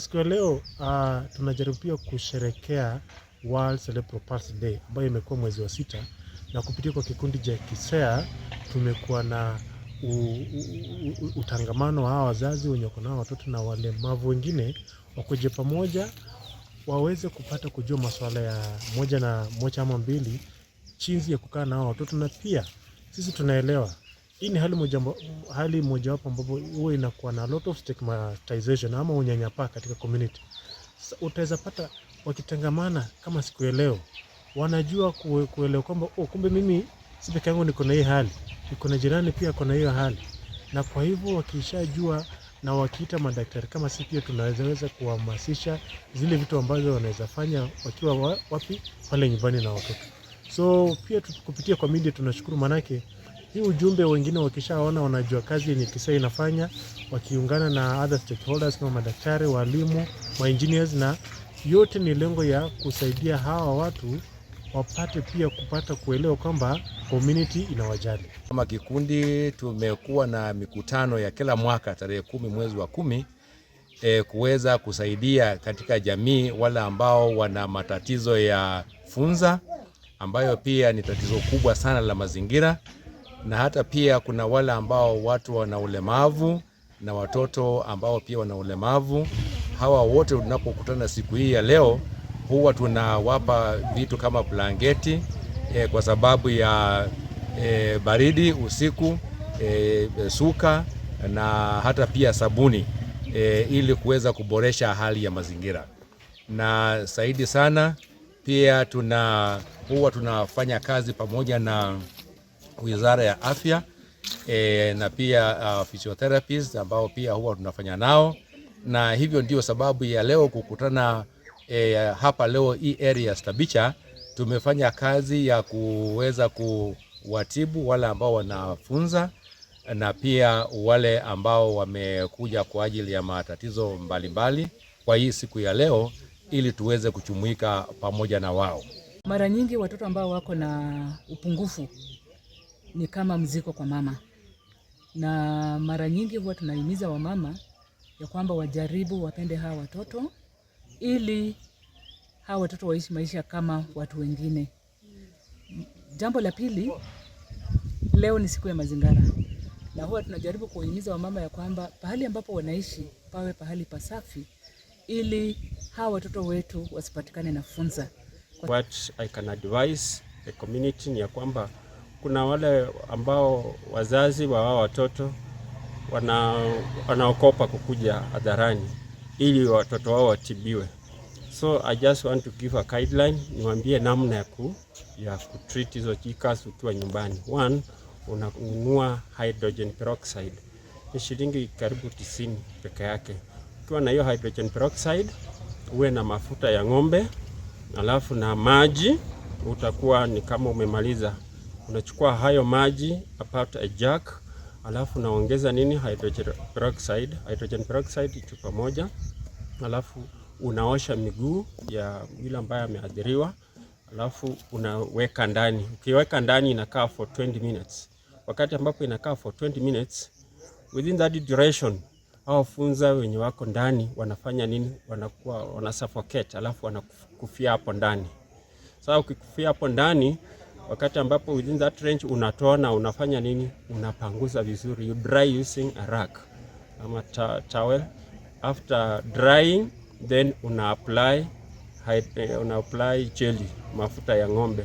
Siku ya leo ah, tunajaribu pia kusherekea World Cerebral Palsy Day ambayo imekuwa mwezi wa sita, na kupitia kwa kikundi cha KISEA tumekuwa na u, u, utangamano wa hawa wazazi wenye wako nao watoto na walemavu wengine wakuje pamoja waweze kupata kujua masuala ya moja na moja ama mbili, jinsi ya kukaa na hao watoto, na pia sisi tunaelewa hii ni hali moja hali mojawapo ambapo huwa inakuwa na lot of stigmatization ama unyanyapaa katika community. Utaweza pata wakitangamana kama siku ya leo, wanajua kue, kuelewa kwamba oh, kumbe mimi si peke yangu niko na hii hali, niko na jirani pia kona hiyo hali, na kwa hivyo wakishajua na wakiita madaktari kama sisi pia tunawezaweza kuhamasisha zile vitu ambazo wanaweza fanya wakiwa wapi pale nyumbani na watoto. So pia kupitia kwa media tunashukuru manake hii ujumbe wengine wakishaona, wanajua kazi yenye Kisa inafanya, wakiungana na other stakeholders kama madaktari, walimu, wa engineers, na yote ni lengo ya kusaidia hawa watu wapate pia kupata kuelewa kwamba community inawajali. Kama kikundi tumekuwa na mikutano ya kila mwaka tarehe kumi mwezi wa kumi e, kuweza kusaidia katika jamii wale ambao wana matatizo ya funza ambayo pia ni tatizo kubwa sana la mazingira na hata pia kuna wale ambao watu wana ulemavu na watoto ambao pia wana ulemavu. Hawa wote tunapokutana siku hii ya leo, huwa tunawapa vitu kama blanketi e, kwa sababu ya e, baridi usiku e, suka na hata pia sabuni e, ili kuweza kuboresha hali ya mazingira na zaidi sana pia tuna huwa tunafanya kazi pamoja na wizara ya afya e, na pia uh, physiotherapists ambao pia huwa tunafanya nao, na hivyo ndio sababu ya leo kukutana e, hapa leo hii area Stabicha tumefanya kazi ya kuweza kuwatibu wale ambao wanafunza na pia wale ambao wamekuja kwa ajili ya matatizo mbalimbali mbali, kwa hii siku ya leo ili tuweze kuchumuika pamoja na wao. Mara nyingi watoto ambao wako na upungufu ni kama mzigo kwa mama, na mara nyingi huwa tunahimiza wamama ya kwamba wajaribu wapende hawa watoto ili hawa watoto waishi maisha kama watu wengine. Jambo la pili, leo ni siku ya mazingira, na huwa tunajaribu kuhimiza wamama ya kwamba pahali ambapo wanaishi pawe pahali pasafi ili hawa watoto wetu wasipatikane na funza. What I can advise the community ni ya kwamba kuna wale ambao wazazi wa wao watoto wana, wanaokopa kukuja hadharani ili watoto wao watibiwe. So I just want to give a guideline, niwaambie namna ya ku ya treat hizo GCAS ukiwa nyumbani. One, unanunua hydrogen peroxide, ni shilingi karibu tisini peke yake. Ukiwa na hiyo hydrogen peroxide, uwe na mafuta ya ng'ombe alafu na maji, utakuwa ni kama umemaliza unachukua hayo maji apart a jack, alafu unaongeza nini? Hydrogen peroxide. Hydrogen peroxide chupa moja, alafu unaosha miguu ya yule ambaye ameathiriwa, alafu unaweka ndani. Ukiweka ndani inakaa for 20 minutes. Wakati ambapo inakaa for 20 minutes, within that duration hao funza wenye wako ndani wanafanya nini? Wanakuwa wanasuffocate, alafu wanakufia hapo ndani. Sasa ukikufia hapo ndani Wakati ambapo within that range unatoa na unafanya nini? Unapanguza vizuri. You dry using a rag ama ta towel. After drying then una apply, eh, una apply jelly, mafuta ya ng'ombe.